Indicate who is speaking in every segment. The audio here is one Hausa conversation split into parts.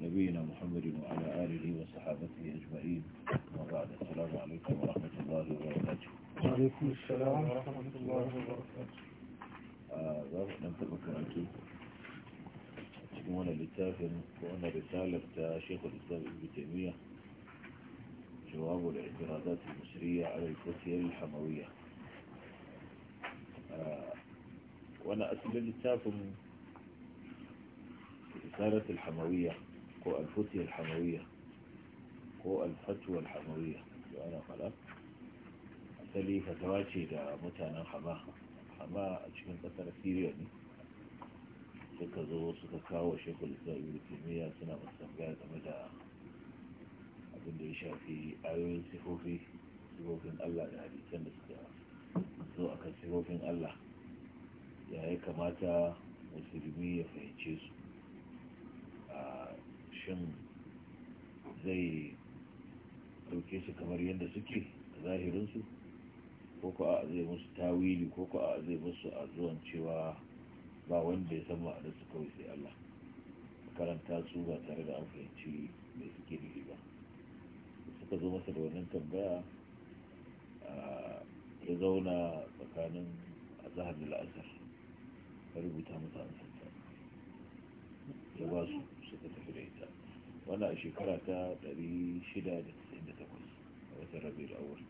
Speaker 1: نبينا محمد وعلى آله وصحابته أجمعين وبعد السلام عليكم ورحمة الله وبركاته وعليكم السلام ورحمة الله وبركاته آه كراتو وانا لتافن وانا رسالة شيخ الإسلام ابن تيمية جواب الاعتراضات المصرية على الفتية الحموية آه، وانا أسئلة لتافن رسالة الحموية ko ko alfatuwar hamawiyya da ana fada asali fatawa ce da mutanen hama hama a cikin kasar syria ne suka zo suka kawo shekul isa'ir kimiyya suna masangaya game da abin da ya shafi ayoyin sifofi sifofin allah da hadisan da suka zo a kan sifofin allah ya kamata musulmi ya fahimce su ah, shin zai dauke su kamar yadda suke a zahirinsu ko ko a zai musu tawili ko ko a zai musu a zuwan cewa ba wanda ya san ma'adar su kawai sai Allah karanta su ba tare da an fahimci mai suke nufi ba suka zo masa da wannan tambaya ya zauna tsakanin a zahar da la'asar ya rubuta masa ya ba su suka tafi da ita wannan a shekara ta 698 a watan rabi da awar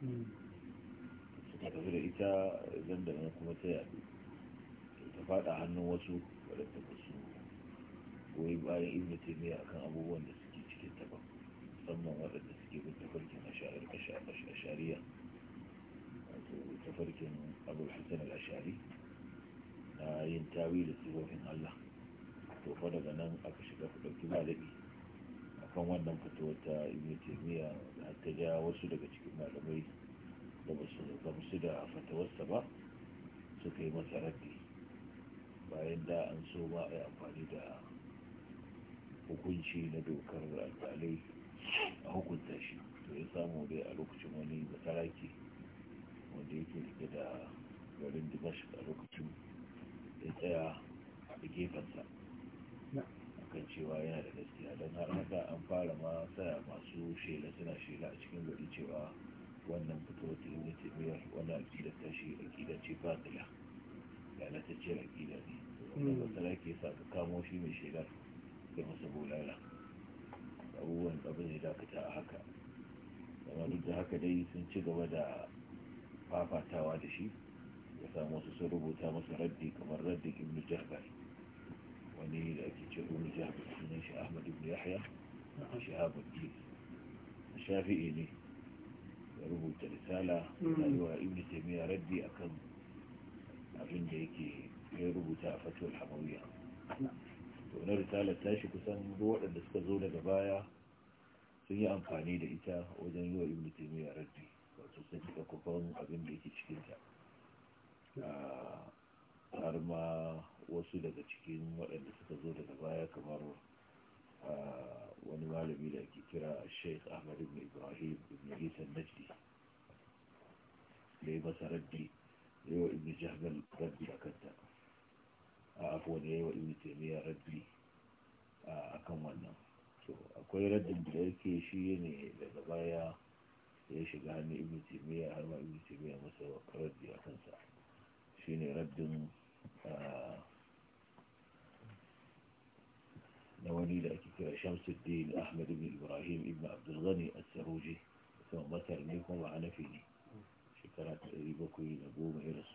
Speaker 1: hmm. suka tafi da ita zan da kuma ta yadu ta fada hannun wasu wadanda ba su goyi bayan ibn taymiya akan abubuwan da suke cikin ta musamman waɗanda suke bin tafarkin ashariya wato tafarkin abul hasan al-ashari na yin tawi da sifofin allah to fa daga nan aka shiga ɗauki malami akan wannan fitowar ta ibn miya har ta ja wasu daga cikin malamai da ba su gamsu da fatawarsa ba suka yi masa raddi bayan da an so ma a yi amfani da hukunci na dokar alƙalai a hukunta shi to ya samu dai a lokacin wani mataraki wanda yake rike da garin dimashi a lokacin ya tsaya a gefensa kan cewa yana da gaskiya don har haka an fara ma saya masu shela suna shela a cikin gari cewa wannan fitowar ibn taymiyya wannan aqida ta shi aqida ce batila lalatacciyar aqida ne wannan hmm. matsala ke sa ka kamo shi mai shelar da masa bulala abubuwan abin ne dakata a haka amma duk da haka dai sun ci gaba da fafatawa da shi ya samu wasu sun rubuta masa raddi kamar raddin ibn jahbari wani da ake cewa wani jami'in sunan shi ahmad ibn yahya shahabuddin shafi'i ne ya rubuta risala na yi wa ibn taimiyya raddi akan abin da yake ya rubuta a fatuwar hamawiya to na risalar tashi kusan waɗanda suka zo daga baya sun yi amfani da ita wajen yi wa ibn taimiyya raddi wato sun cika kufan abin da yake cikinta ah, har ma wasu daga cikin waɗanda suka zo daga baya kamar wani malami da ke kira sheikh ahmad ibn ibrahim ibn hisan najdi da ya masa raddi da yi wa ibn jahmal raddi a kanta a afuwa ya yi wa ibn taimiyya raddi a kan wannan so akwai raddin da yake shi ne daga baya ya shiga hannun ibn taimiyya har ma ibn taimiyya masa raddi a kansa ne raddin نوانيل أكثر شمس الدين أحمد بن إبراهيم ابن عبد الغني السروجي ثم مثل نيكم وعنفيني شكرات أريبكو ينبو مهرس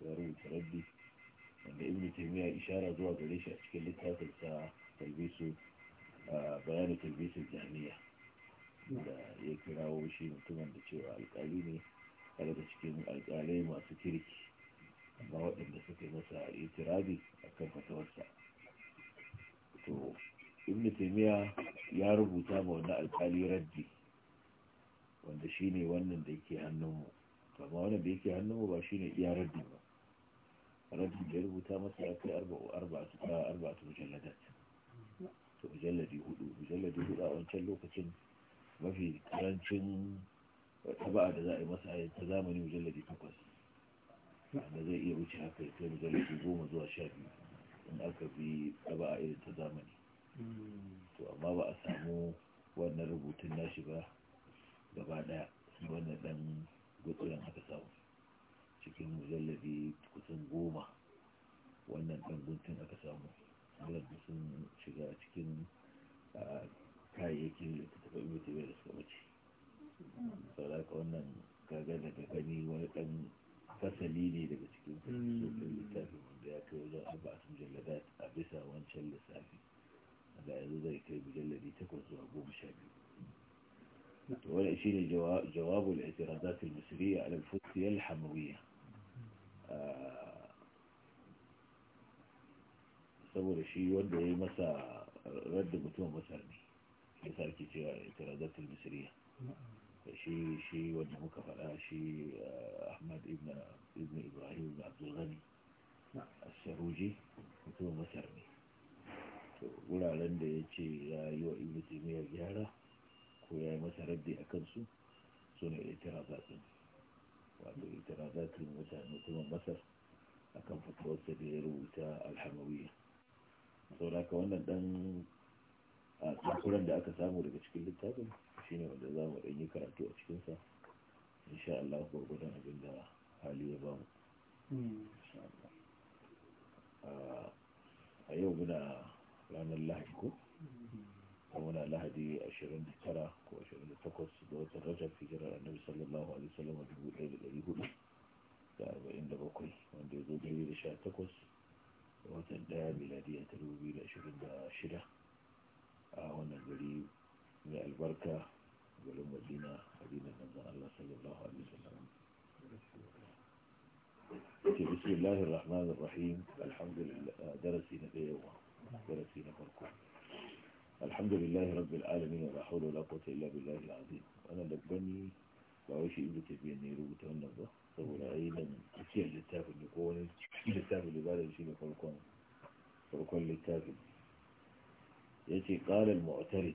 Speaker 1: فاروه تردي أن ابن تيمية إشارة دوا قليش أشكل لتهات الساعة تلبيس آه، بيان تلبيس الزهنية نعم. يكراو بشي متمن بشي وعلى القاليني على تشكيل القالي مؤسسيريكي Amma waɗanda suka masa itirabi a kan fatawarsa to ibn taimiya ya rubuta ma wani alkali raddi wanda shine wannan da yake hannunmu amma wannan da yake hannunmu ba shine iya raddi ba raddi da ya rubuta masa ya kai ta mujalladat to mujalladi hudu mujalladi hudu a wancan lokacin mafi karancin taba'a da za a yi masa a ta zamani mujalladi takwas da zai iya wuce haka ya kai majalisi goma zuwa sha biyu in aka bi ba a irin ta zamani to amma ba a samu wannan rubutun nashi ba gaba ɗaya wannan dan gutsuran aka samu cikin mujallabi kusan goma wannan ɗan guntun aka samu wadanda sun shiga cikin kayayyakin da littattafai mai da suka wuce sauraka wannan gagar daga gani wani ɗan fasali ne daga cikin sufin littafin wanda ya kai wajen arba'at mujalladat a bisa wancan lissafi da yanzu zai kai mujalladi takwas zuwa goma sha biyu wani shi ne jawabu da itirazat al-misriya ala al-fuqiyya al-hamawiyya saboda shi wanda ya masa radda mutum masar ne ya sarki cewa itirazat al-misriya shi shi wanda muka faɗa shi eh, ahmad ibn ibrahim ibn abdulghani saruji mutumin masar ne wuraren da ya ce ya yi wa ibn taimiyar gyara ko ya yi masa raddi a kansu su ne itirazatin wato mutane mutumin masar a kan fatuwarsa da ya rubuta alhamawiyya sau da ka wannan dan a tsakuran da aka samu daga cikin littafin shine wanda za mu yi karatu a cikinsa insha Allah gwargwadon abin da hali ya ba mu hmm. a yau muna ranar lahadi ko hmm. muna lahadi 29 ko 28 ga watan rajab hijirar annabi sallallahu alaihi wasallam 1447 wanda ya zo gari da watan daya miladiya ta 2026 a wannan gari mai albarka بسم الله الرحمن الرحيم الحمد لله درسي نبي الله درسي نبركم الحمد لله رب العالمين لا حول ولا قوة إلا بالله العظيم أنا لبني بعيش إبلي تبي النيرو تهنا ذا سبوا العين أشياء للتاف اللي يكون للتاف اللي بعد الشيء اللي يكون يكون للتاف يأتي قال المعترض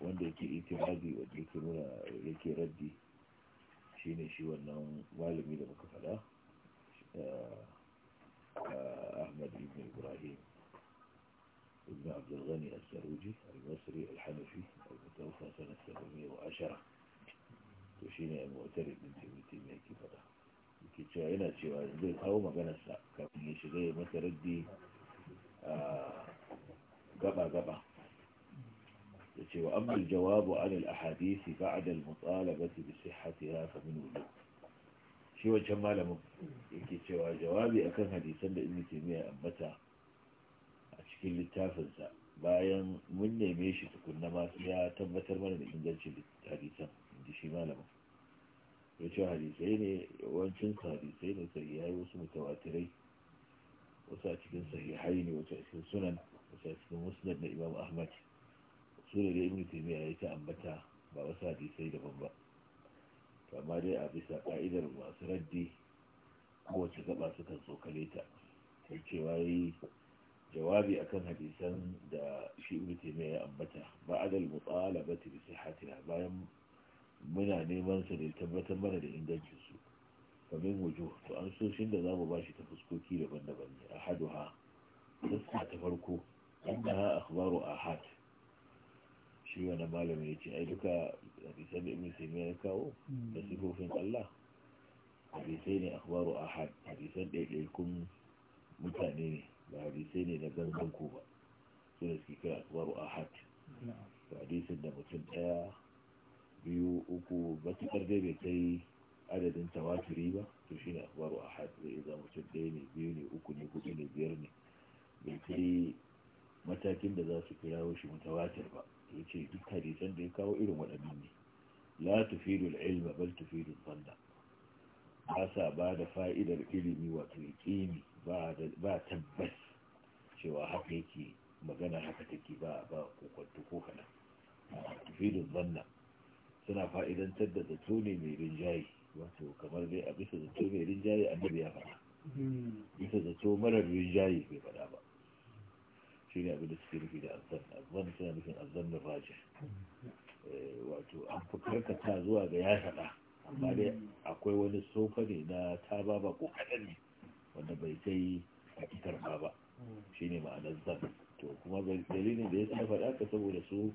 Speaker 1: wanda yake itirazi wanda yake nuna yake raddi shine shi wannan malami da muka fada eh, eh, ahmad ibn ibrahim ابن عبد الغني السروجي المصري الحنفي المتوفى سنة 710 وشيني المعترف mu'tari ibn ميكي فدا yake cewa yana cewa zai kawo maganarsa kafin ya shiga ya masa raddi eh, gaba-gaba yace wa amma aljawabu an alahadith ba'da almutalabati bi sihhatiha fa min wujud shi wancan malamin yake cewa jawabi akan hadisan da ibnu ya ambata a cikin littafinsa bayan mun neme shi tukunna ma ya tabbatar mana da ingancin hadisan inji shi malamin ya ce hadisai ne yawancin hadisai ne sai sahihai wasu mutawatirai wasu a cikin sahihai ne wasu a cikin sunan wasu a cikin musnad na imam ahmad su da ibn taymiya ya ta ambata ba wasu hadisai daban ba amma dai a bisa ka'idar masu raddi ko kowace gaba sukan tsokale ta sai cewa yi jawabi akan hadisan da shi ibn taymiya ya ambata ba adal mutalabati bi sihhatiha bayan muna neman su da tabbatar mana da ingancin su kamar wujo to an so shin da zamu bashi ta fuskoki daban-daban ne ahaduha fuska ta farko inda akhbaru ahad shi wani malami ya ce ai duka hadisan da ibn sai ya kawo da sifofin Allah hadisai ne akhbaru ahad hadisan kun mutane ne ba hadisai ne na gangan ku ba su da suke kai akhbaru ahad hadisin da mutum ɗaya biyu uku matuƙar dai bai kai adadin tawaturi ba to shi ne akhbaru ahad zai iya zama mutum ɗaya ne biyu ne uku ne hudu ne biyar ne bai kai matakin da za su kirawo shi mutawatir ba yace ce duk hadisan da ya kawo irin waɗannan ne la tufidul ilma bal tufidul zanna ba sa ba da fa'idar ilimi wato yaƙini ba tabbas cewa haka yake magana haka take ba ba ko kwanto ko kaɗan tufidul zanna suna fa'idantar da zato ne mai rinjaye wato kamar dai a bisa zato mai rinjaye annabi ya faɗa hmm. bisa zato marar rinjaye bai faɗa ba shi ne abin da suke nufi da azzan azzan suna nufin azzan da raja eh, wato an fi karkata zuwa ga ya shaɗa amma dai akwai wani sofa ne na ta ba ba ko kaɗan ne wanda bai kai kitar ba ba shi ne ma'anar zan to kuma dalilin da ya sa faɗa ka saboda su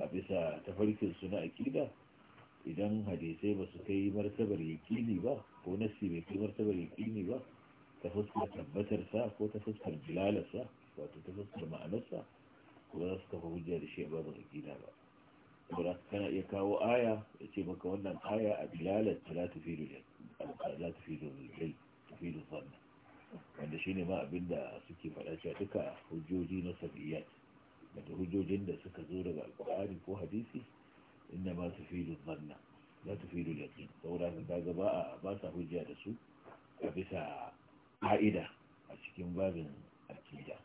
Speaker 1: a bisa tafarkin su na aƙida idan hadisai ba su kai martabar yaƙini ba ko nasi bai kai martabar yaƙini ba ta fuskar sa ko ta fuskar sa. wato ta fuskar ma'anarsa ba za su kafa hujja da shi a babin aƙida ba saboda kana iya kawo aya ya ce maka wannan aya a bilalar ta la tufidu la tufidu lil tufidu zanna wanda shine ma abinda suke faɗa cewa duka hujjoji na sabiyat daga hujjojin da suka zo daga alƙur'ani ko hadisi inda ma tufidu zanna la tufidu yaqin saboda ka kaga ba a ba sa hujja da su a bisa ka'ida a cikin babin aƙida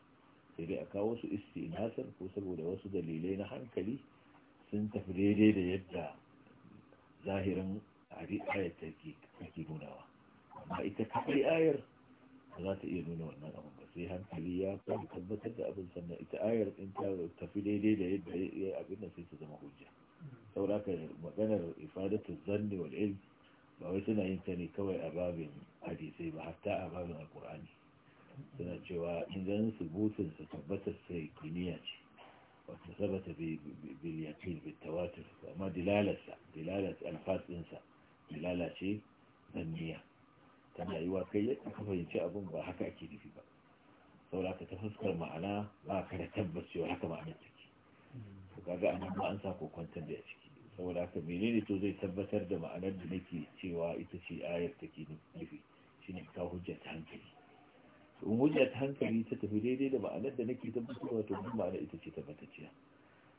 Speaker 1: sai dai a kawo su istinasar ko saboda wasu dalilai na hankali sun tafi daidai da yadda zahirin ayar take ake nunawa amma ita kaɗai ayar ba za ta iya nuna wannan abin ba sai hankali ya fara tabbatar da abin sannan ita ayar in ta tafi daidai da yadda ya abin da sai ta zama hujja sauraka maganar ifadatu zanni wal ilm ba wai suna yin ta ne kawai a babin hadisai ba hatta a babin alkur'ani. suna cewa idan subutin su tabbatar sai kuniya ce wato sabata bil yaqin amma dilalarsa dilalar alfas dilala ce yi wa kai yadda ka fahimci abin ba haka ake nufi ba saboda ka ta fuskar ma'ana ba ka da tabbas cewa haka ma'anar take to kaga an ba an sa kokwantar da ya ciki saboda ka menene to zai tabbatar da ma'anar da nake cewa ita ce ayar take nufi shine ka hujjata ta hankali to in hankali ta tafi daidai da ma'anar da nake tabbatarwa to duk ma'ana ita ce ta tabbatacciya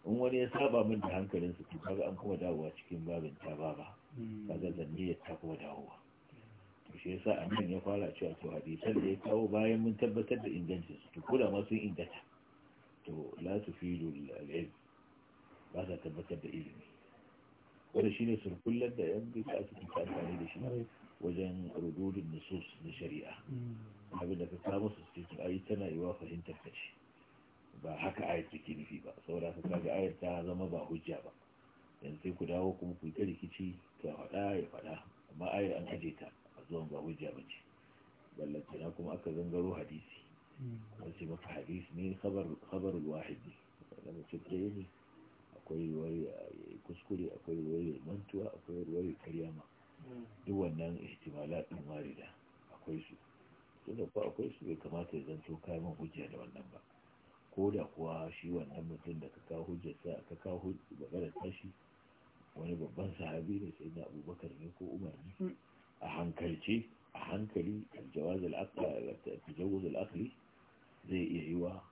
Speaker 1: in wani ya saba min da hankalinsa to kaga an kuma dawowa cikin babin ta baba hmm. kaga zanne ya ta kuma dawowa to shi yasa a nan ya fara cewa to hadisan da ya kawo bayan mun tabbatar da ingancin su to ko ma sun inganta to la tufidu al-ilm ba sa tabbatar da ilimi wanda shine surkullar da yan bisa suke amfani da shi wajen rududin nusus na shari'a hmm. abin da ka samu su ce ayi tana yiwa fahimtar ka ce ba haka ayat take nufi ba saboda haka kaga ayat ta zama ba hujja ba yanzu sai ku dawo kuma ku yi ta rikici ka faɗa ya faɗa amma ayar an aje ta a zuwan ba hujja ba ce na kuma aka zangaro hadisi wasu maka hadisi ne khabar wahid ne wanda mutum ɗaya ne akwai a eh, kuskure akwai a mantuwa akwai ruwai a karyama hmm. duk wannan ihtimala ɗin warida akwai su tunda ko akwai su bai kamata ya zanto kayan hujja da wannan ba ko da kuwa shi wannan mutum da ka kawo hujjarsa ka kawo magana tashi wani babban sahabi ne sai na abubakar ne ko umar ne mm. a hankalce a hankali tajawuz al'akali zai iya yi wa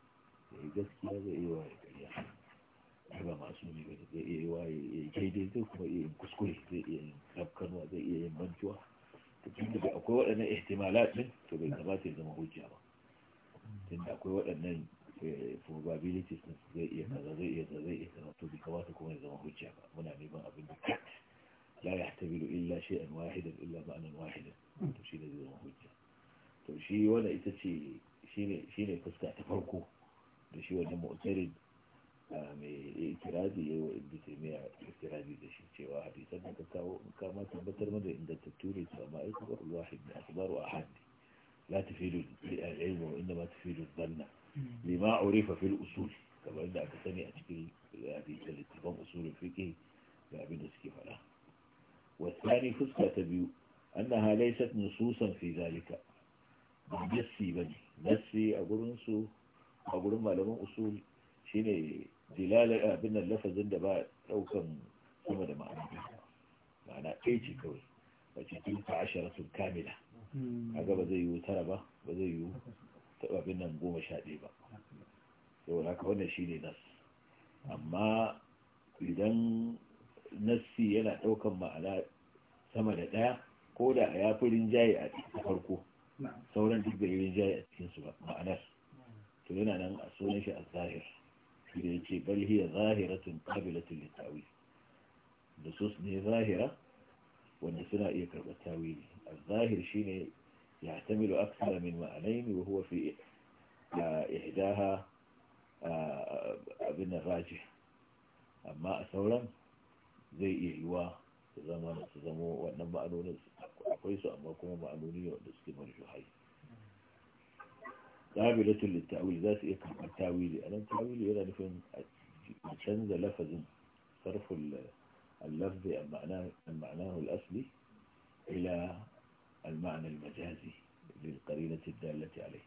Speaker 1: ya yi gaskiya zai iya wa ya karya har ba masu ne zai iya yi wa ya yi dai zai kuma iya yin kuskure zai iya yin rafkanwa zai iya yin mantuwa tunda da akwai waɗannan ihtimalat ne to bai kamata ya zama hujja ba tunda akwai waɗannan probabilities ne zai iya kaza zai iya kaza zai iya kaza to bai kamata kuma ya zama hujja ba muna neman abin da kat la yahtabilu illa shay'an wahidan illa ma'anan wahidan to shi ne zai zama hujja to shi wanda ita ce shine shine fuska ta farko da shi wannan mu'tarid mai ikirazi yau yi wa ibn taymiya ikirazi da shi cewa hadisan da ka kawo kama tabbatar mana inda ta to amma ai kuma wahid da akhbaru ahad la tufidu al-ilm eh, wa eh, eh, inma tufidu al-dhanna hmm. lima urifa fil usul kamar da aka sani a cikin hadisan littafin usulul fiqh ga abin da suke faɗa biyu. فسكة تبيو أنها ليست نصوصا في ذلك نسي بني نسي أقول نسو a gurin لهم usul shine. dilalar eh, abin nan lafazin da ba daukan sama da ma'ana ma'ana ɗaya ce kawai a cikin ta asharatun kamila hmm. a gaba zai yiwu tara ba ba zai yiwu taɓa abin nan goma sha ɗaya ba saboda haka wannan shi ne nas amma idan nassi yana daukan ma'ana sama da ɗaya ko da ya fi rinjaye a farko sauran duk da rinjaye a cikinsu ba ma'anar to yana nan a sunan shi a zahir بل هي ظاهرة قابلة للتأويل نصوص qabilatun littawil nusus ne zahira الظاهر شيء يحتمل أكثر من معنين وهو في إحداها آه، ابن الراجح أما أثورا زي زمان تزمو ونما أنونس أكويس أما كما معنوني ونسكي مرجوحي قابلة للتأويل ذات إيه التأويل أنا التأويل إلى لفين تنزى لفظ صرف اللفظ عن معناه, الأصلي إلى المعنى المجازي للقرينة الدالة عليه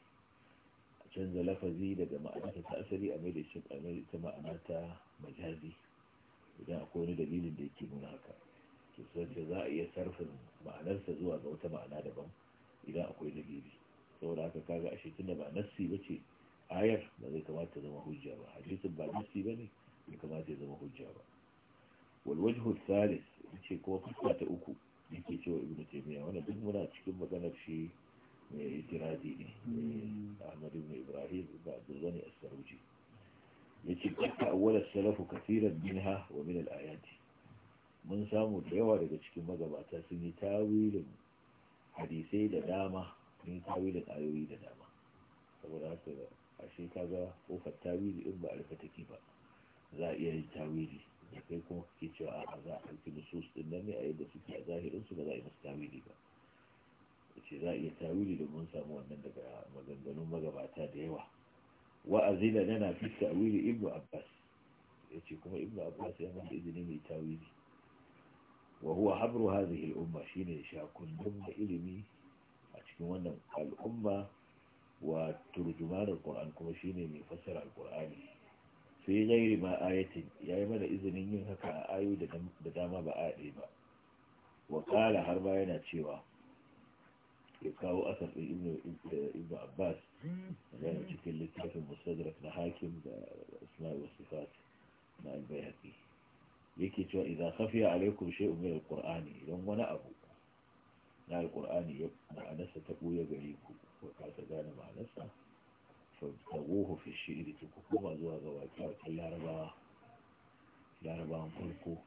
Speaker 1: تنزى لفظي لدى معناته تأثري أميل إسم معناته مجازي إذا أكون دليل ليكي هناك كيف سنجزائي صرف معناه سزوى بوت معناه دبم إذا أكون دليلي saboda haka kaga ashe tunda ba nassi ba ce ayar ba zai kamata zama hujja ba hadisin ba nassi ba ne bai kamata ya zama hujja ba walwajhu salis ce kuma fuska ta uku yake cewa ibn taymiya wanda duk muna cikin maganar shi mai itiradi ne ahmad ibn ibrahim ibn abdulwani as-saruji yace katta awwal as-salafu kathiran minha wa min al-ayati mun samu da yawa daga cikin magabata sun yi tawilin hadisai da dama mun da ayoyi da dama saboda haka a shi ka ga kofar tawili in ba a rufe take ba za a iya yin tawili da kai kuma kake cewa a za a ɗauki nusus ɗin nan ne a yadda suke a zahirin su ba za a yi masu tawili ba ce za a iya tawili domin samu wannan daga maganganun magabata da yawa wa'azina yana fi tawili ibnu abbas ya ce kuma ibnu abbas ya masa izini mai tawili wa huwa habru hadhihi al-umma shine shakundun da ilimi cikin wannan al'umma wa turjuman alquran kuma shine mai fassara alqurani Sai gairi ma ayatin yayi mana izinin yin haka a ayu da dama ba a ɗaya ba wa kala har ma yana cewa ya kawo asar ɗin ibn abbas yana cikin littafin musadrak na hakim da ismail Sifat na albayhaqi yake cewa idan khafiya alaikum shay'un min alqur'ani idan wani abu na alƙur'ani ya ma'anarsa ta ɓuya gare ku ko ta gane ma'anarsa ta goho fi shi'iri ta koma zuwa ga larabawa larabawan farko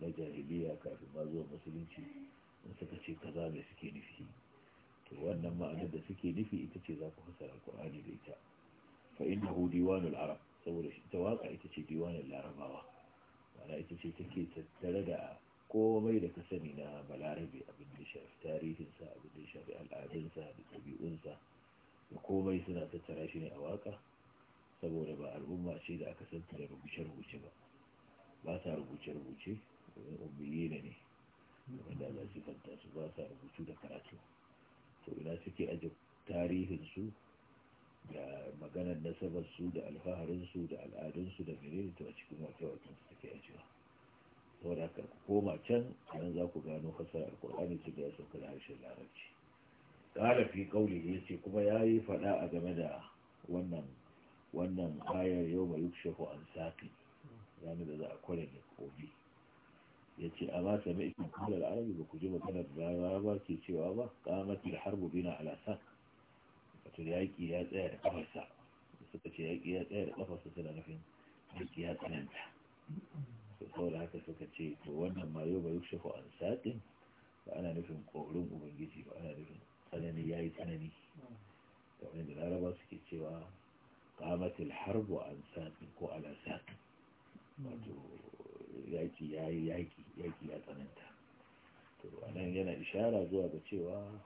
Speaker 1: na jahiliya kafin ma zuwa musulunci in suka ce kaza suke nufi to wannan ma'anar da suke nufi ita ce za ku fasara alƙur'ani da ita fa hu diwanul arab saboda shi ta waƙa ita ce diwanul larabawa ma'ana ita ce take tattare da komai da ka sani na balarabe abin da shafi tarihinsa abin da shafi al'adunsa da ɗabi'unsa da komai suna tattara shi ne a waka saboda ba al'umma ce da aka santa da rubuce-rubuce ba ba sa rubuce-rubuce domin umbiyina ne wanda za su fanta su ba sa rubutu da karatu to ina suke aje tarihinsu da maganar nasabarsu da alfaharinsu da al'adunsu da menene to a cikin wata wakin suke ajiyewa saboda haka ku koma can nan za ku gano fasara alkur'ani ce da ya sauka da harshen larabci ƙara fi ƙauli ya ce kuma ya yi faɗa a game da wannan wannan ayar yau mai yukshefu an saƙi ranar da za a kwarin ya kobi ya ce a mata mai ikin kula da arabi ba ku ji maganar laraba ke cewa ba ƙamati da harbu bina alasa wato yaƙi ya tsaya da ƙafarsa suka ce yaƙi ya tsaya da ƙafarsa suna nufin yaƙi ya tsananta to saboda haka suka ce to wannan ma yau ba shafa an saƙin ba ana nufin ƙorin ubangiji ba ana nufin tsanani ya yi tsanani kamar da laraba suke cewa kamatil harbu an saƙin ko ala wato yaƙi ya yi yaƙi yaƙi ya tsananta to anan yana ishara zuwa ga cewa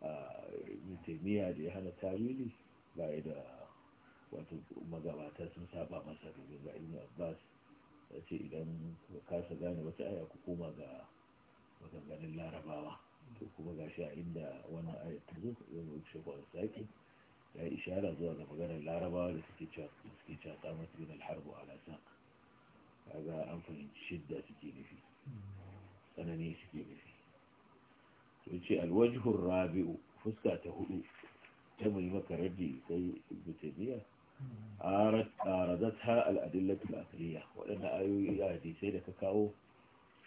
Speaker 1: a mutemiya da ya hana tarihi ba da wato magabata sun saba masa domin ga ba abbas ya idan ka kasa gane wata aya ku koma ga maganganun larabawa to kuma ga shi a inda wannan aya ta zo yau mai shi kwan saki ya yi ishara zuwa ga maganar larabawa da suke cewa suke cewa kamar tun alharbu ala saq kaga an fahimci shidda suke nufi tsanani suke nufi to ce alwajhur rabi'u fuska ta hudu ta mai maka raddi sai ibnu arazatha al'adillatu al'aqliya waɗanda ayoyi a hadisai da ka kawo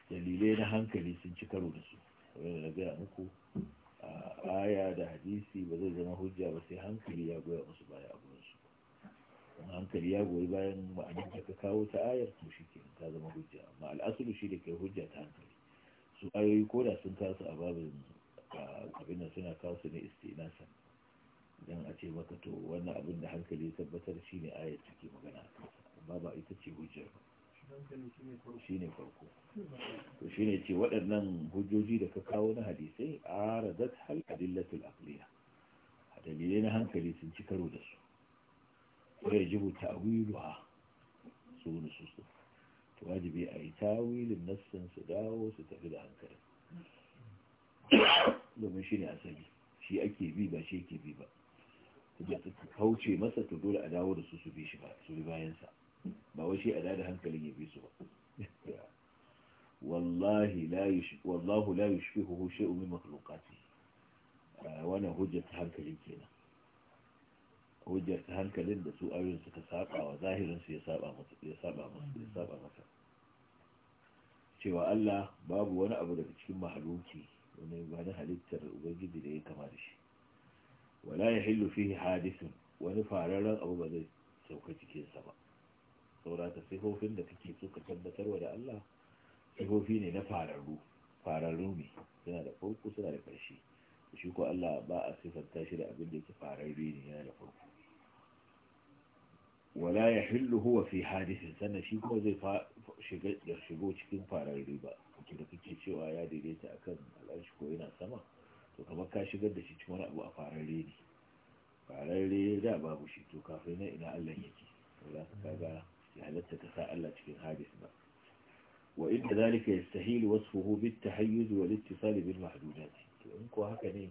Speaker 1: dalilai na hankali sun ci karo da su Wani da gaya muku aya da hadisi ba zai zama hujja ba sai hankali ya goya musu baya a gurin su hankali ya goyi bayan ma'anin da ka kawo ta ayar to shi ke ta zama hujja amma al'asulu shi da ke hujja ta hankali su ayoyi koda sun kasu a babin abin da suna kasu ne istinasan dan a ce maka to wannan abin da hankali ya tabbatar shi ne ayar magana amma ba ita ce hujjar shi ne farko to shi ne ce waɗannan hujjoji da ka kawo na hadisai a razat hal afriya A dalilai na hankali sun ci karo da su ko ya jibu ta'wiluha su wani su su to wajibi a yi tawilin nasan su dawo su tafi da hankali domin shi ne asali shi ake bi ba shi yake bi ba da suka kauce masa to dole a dawo da su su bi shi ba su bi bayansa ba wai shi a da hankalin ya bi su ba wallahi la yush wallahu la yushfihu shay'un min makhluqati ah, wannan hujjar ta hankalin kenan hujjar ta hankalin da su ayoyin suka saba wa zahirin su ya saba masa ya saba masa ya saba masa cewa Allah babu wani abu daga cikin mahaluki wani ba na halittar ubangiji da ya kama da shi wala ya hillu fihi hadisun wani fararen abu ba zai sauka cikinsa ba saurata sifofin da kake so ka tabbatarwa da Allah sifofi ne na fararru fararru suna da farko suna da Allah ba a sifanta shi da abin da yake fararre ne yana da farko wala ya hillu huwa fi hadisin sannan shi kuma zai shigo cikin fararre ba da kake cewa ya daidaita akan al'arshi ko yana sama to kamar ka shigar da shi cikin wani abu a fararre ne fararre da babu shi to kafin na ina Allah yake to za ka ga ya halatta ka sa Allah cikin hadis ba wa inda zalika yastahil wasfuhu bit tahayyuz wal ittisal bil mahdudat to in ko haka ne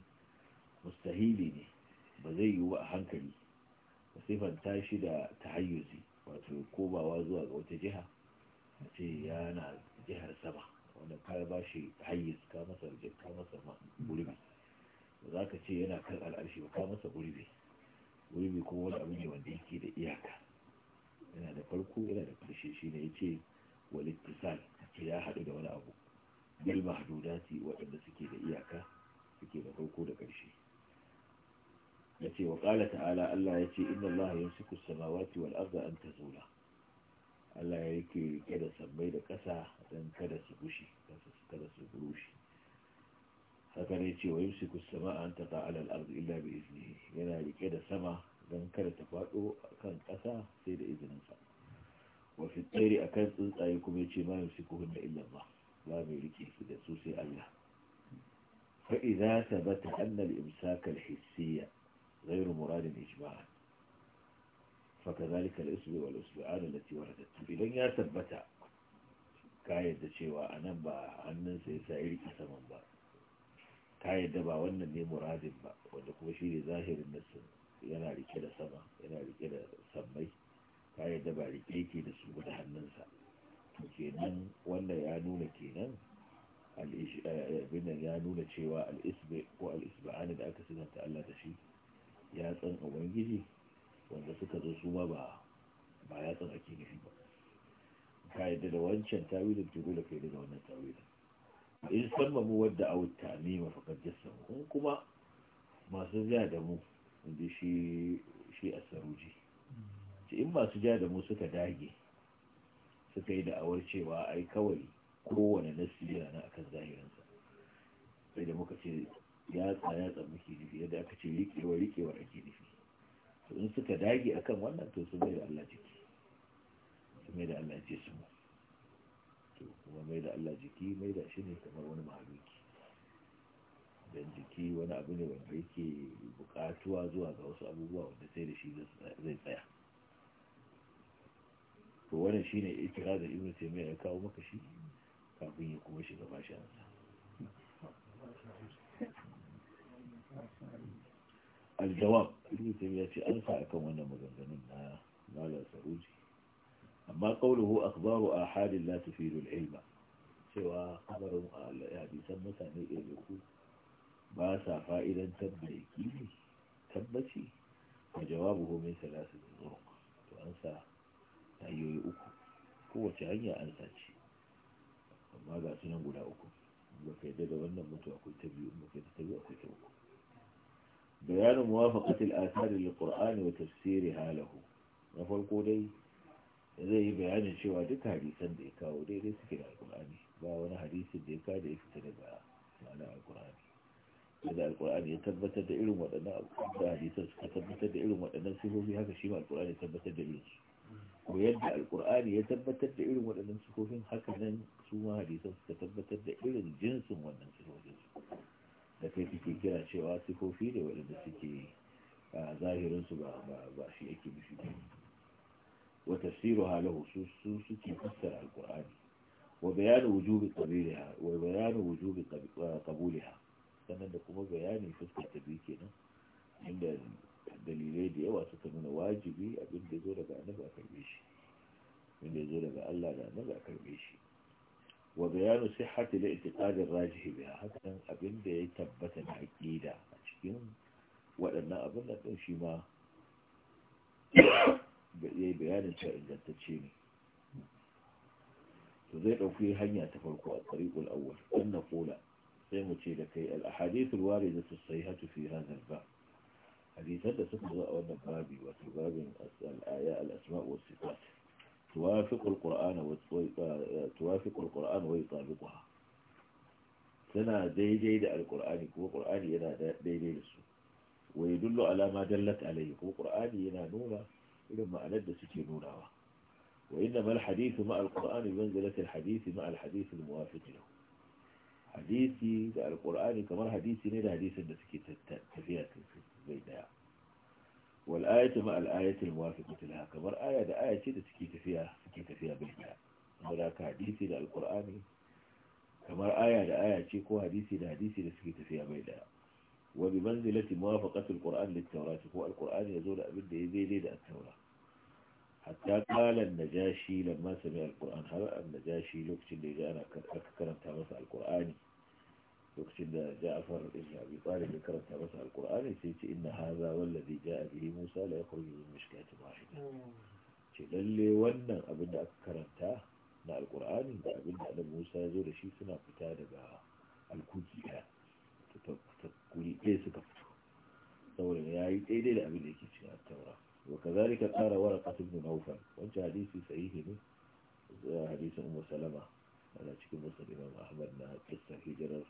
Speaker 1: mustahili ne ba zai yi wa hankali sifan tashi da tahayyuzi wato komawa zuwa ga wata jiha a ce yana jihar sama wanda ka ba shi hayyuz ka masa ka masa za ka ce yana kan al'arshi ba ka masa gurbi gurbi kuma wani abu ne wanda yake da iyaka yana da farko yana da ƙarshe shi ne ya ce walittisal ce ya haɗu da wani abu bil mahdudati waɗanda suke da iyaka suke da farko da ƙarshe ya ce wa ƙala ta'ala Allah ya ce inna Allah ya suku samawati wal arda an tazula Allah ya yake rike da sammai da ƙasa don kada su bushe kada su burushi haka ne ce wa yumsiku sama'a an taqa ala al illa bi yana rike da sama don kada ta a kan ƙasa sai da izinin sa wa fi tsairi akan tsuntsaye kuma ce ma yumsikuhunna illa Allah ba mai rike su da su sai Allah fa idza thabata anna al-imsak al-hissiyya isu murad ijma'an فكذلك الاسبوع والاسبوعان التي وردت idan ya tabbata ka yadda cewa anan ba hannunsa ya sa iri saman ba ta yadda ba wannan ne muradin ba wanda kuma shi ne zahirin nassin yana rike da sama yana rike da sammai ta yadda ba rike yake da su da hannunsa to kenan wannan ya nuna kenan eh, ya nuna cewa al'isbe ko al'isba'ani da aka sinanta Allah da shi ya tsan ubangiji wanda suka zo su ma ba ba ya tsan ake nufi ba ka yadda da wancan tawilin tugu da kai daga wannan tawilin in san mu wadda a wuta ne mafakar jassan kuma masu ja da mu inda shi a saruji hmm. in masu ja da mu suka dage suka yi da'awar cewa ai kawai kowane na na akan zahiransa. sai da muka ce yatsa yatsa muke nufi yadda aka ce rikewa rikewa ake nufi to in suka dage akan wannan to su mai da Allah ciki mai da Allah su mu to kuma mai da Allah jiki mai da shi ne kamar wani mahaluki don jiki wani abu ne wanda yake bukatuwa zuwa ga wasu abubuwa wanda sai da shi zai tsaya to wannan shi ne ikira da ibn taimiyya ya kawo maka shi kafin ya kuma shiga bashi ansa aljawab ibn taimiyya ce an sa akan wannan maganganun na malar saruji amma qawluhu akhbaru ahadin la tufidu al-ilma cewa kabarin hadisan mutane ɗaiɗaiku ba sa fa'idan tabbaiki ne tabbaci a jawabu homin salasin zuwa to an sa hanyoyi uku kowace hanya an sace amma ga sunan guda uku ba ka yadda da wannan mutu akwai ta biyu ba ka ta biyu akwai ta uku bayanin muwafaqatil asari lil qur'ani wa tafsiri halahu na farko dai zai yi bayanin cewa duk hadisan da ya kawo daidai suke da alkur'ani ba wani hadisin da ya kawo da ya fita daga ma'anar alkur'ani da alkur'ani ya tabbatar da irin waɗannan da hadisan suka tabbatar da irin waɗannan sifofi haka shi ma alkur'ani ya tabbatar da irin su ko yadda alkur'ani ya tabbatar da irin waɗannan sifofin haka nan su ma hadisan suka tabbatar da irin jinsin wannan sifofin da kai suke kira cewa sifofi ne waɗanda suke a zahirinsu ba shi ake nufi وتفسيرها له سوسة تفسر القرآن وبيان وجوب قبولها وبيان وجوب قبولها كان لكم بيان يفسر التبريك هنا عند الدليلين دي أو أتكلم واجبي أبن دزورة بأنا بأكرميشي من دزورة بأنا بأنا بأكرميشي وبيان صحة الاعتقاد الراجح بها حتى أبن دي تبت معقيدة أشكين ولأن أبن أبن شما جانب شائن تتشيني تضيع في هنيا تفرق الطريق الأول أن نقول قيمة لكي الأحاديث الواردة الصيحة في هذا الباب حديثة سكرة والنباب وتباب الآياء الأسماء والصفات توافق القرآن وتوافق القرآن ويطابقها سنة دي جيدة القرآن هو قرآن إلى دي جيدة ويدل على ما دلت عليه هو قرآن إلى نورا إذن ما ألدت كنونها وإنما الحديث مع القرآن منزلت الحديث مع الحديث الموافق له حديثي دا القرآن كما حديثي نيدا حديث أنت تفيات بينها والآية مع الآية الموافقة لها كما آية دا آية كي تفيات كي بينها ولكن حديثي دا القرآن كما آية دا آية كي حديثي دا حديثي دا تفيات بينها Wani bi manzilati muwafaqati alquran lit-taurat ko alqur'ani yazo da abin da ya daidai da at-taura hatta qala an-najashi lamma sami alquran har an-najashi lokacin da ya karanta masa alqur'ani lokacin da Ja'far ibn Abi Talib ya karanta masa alqur'ani sai ce inna hadha wallazi ja'a bihi Musa la yakhruju min mishkati wahida ce lalle wannan abin da aka karanta na alqur'ani da abin da Annabi Musa ya zo da shi suna fita daga alkuki إيه وكذلك قال ورقة ابن نوفل وانت حديث سعيه حديث أم سلمة على شكل مصر إمام أحمد أنها قصة هجرة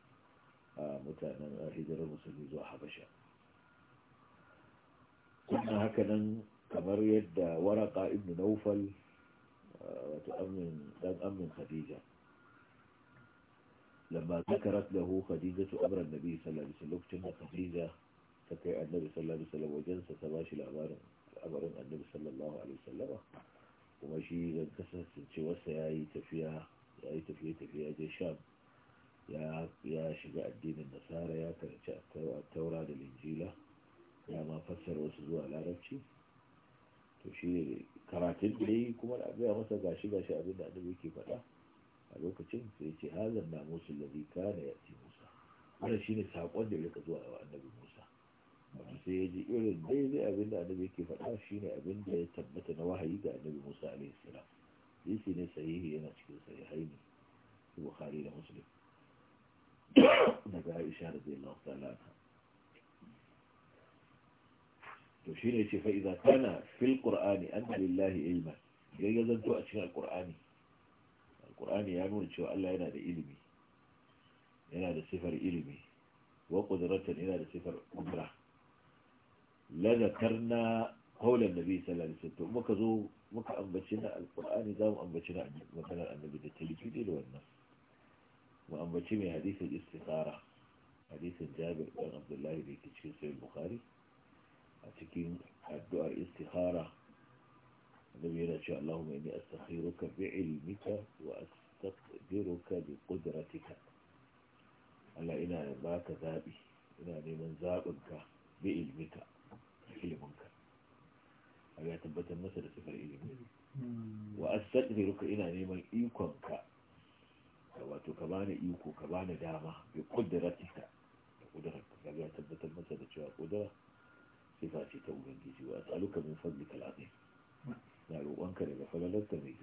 Speaker 1: آه، متأنى هجرة مصر يزوى حبشة قلنا هكذا كمر يد ورقة ابن نوفل آه، وتؤمن أم من خديجة لما ذكرت له خديجة أمر النبي صلى الله عليه وسلم كنا خديجة تكي النبي صلى الله عليه وسلم وجنسة تباشي الأمر الأمر النبي صلى الله عليه وسلم ومشي شيء انكسرت انتوسة يا تفيها يا تفيها تفيا جي شام يا يا شجاع الدين النصارى يا ترجع التوراة للإنجيلة يا ما فسر وسزوا على ربشي to shi لي da yi kuma da gaya masa gashi gashi a lokacin sai ce hazan na musu lalli kana ya ce musa wannan shine saƙon da ya rika zuwa wa annabi musa wato sai ya ji irin daidai abin da annabi yake faɗa shine abin da ya tabbata na wahayi ga annabi musa alaihi salam hadisi ne sahihi yana cikin sahihaini bukhari da muslim daga aisha radiyallahu ta'ala anha to shine ce fa idza kana fil qur'ani anna lillahi ilman yayin zanto a cikin qur'ani alkur'ani ya nuna cewa Allah yana da ilimi yana da sifar ilimi wa qudratan yana da sifar qudra la zakarna qawlan nabi sallallahu alaihi wasallam muka zo muka ambaci na alkur'ani za mu ambaci na maganar annabi da tilkidi da wannan mu ambaci mai hadisin istikhara hadisin jabir dan abdullahi da yake cikin sahih bukhari a cikin addu'ar istikhara نبي رجاء اللهم إني أستخيرك بعلمك وأستقدرك بقدرتك ألا إنا رباك ذابي إنا لمن زابك بعلمك علمك ألا يتبت المثل سفر علمك وأستقدرك إنا لمن إيكمك وأتو كمان إيكو كمان داما بقدرتك قدرك ألا يتبت المثل سفر علمك سفاتي تؤمن بيجي وأسألك من فضلك العظيم قالوا أنكر إذا فلا لنتني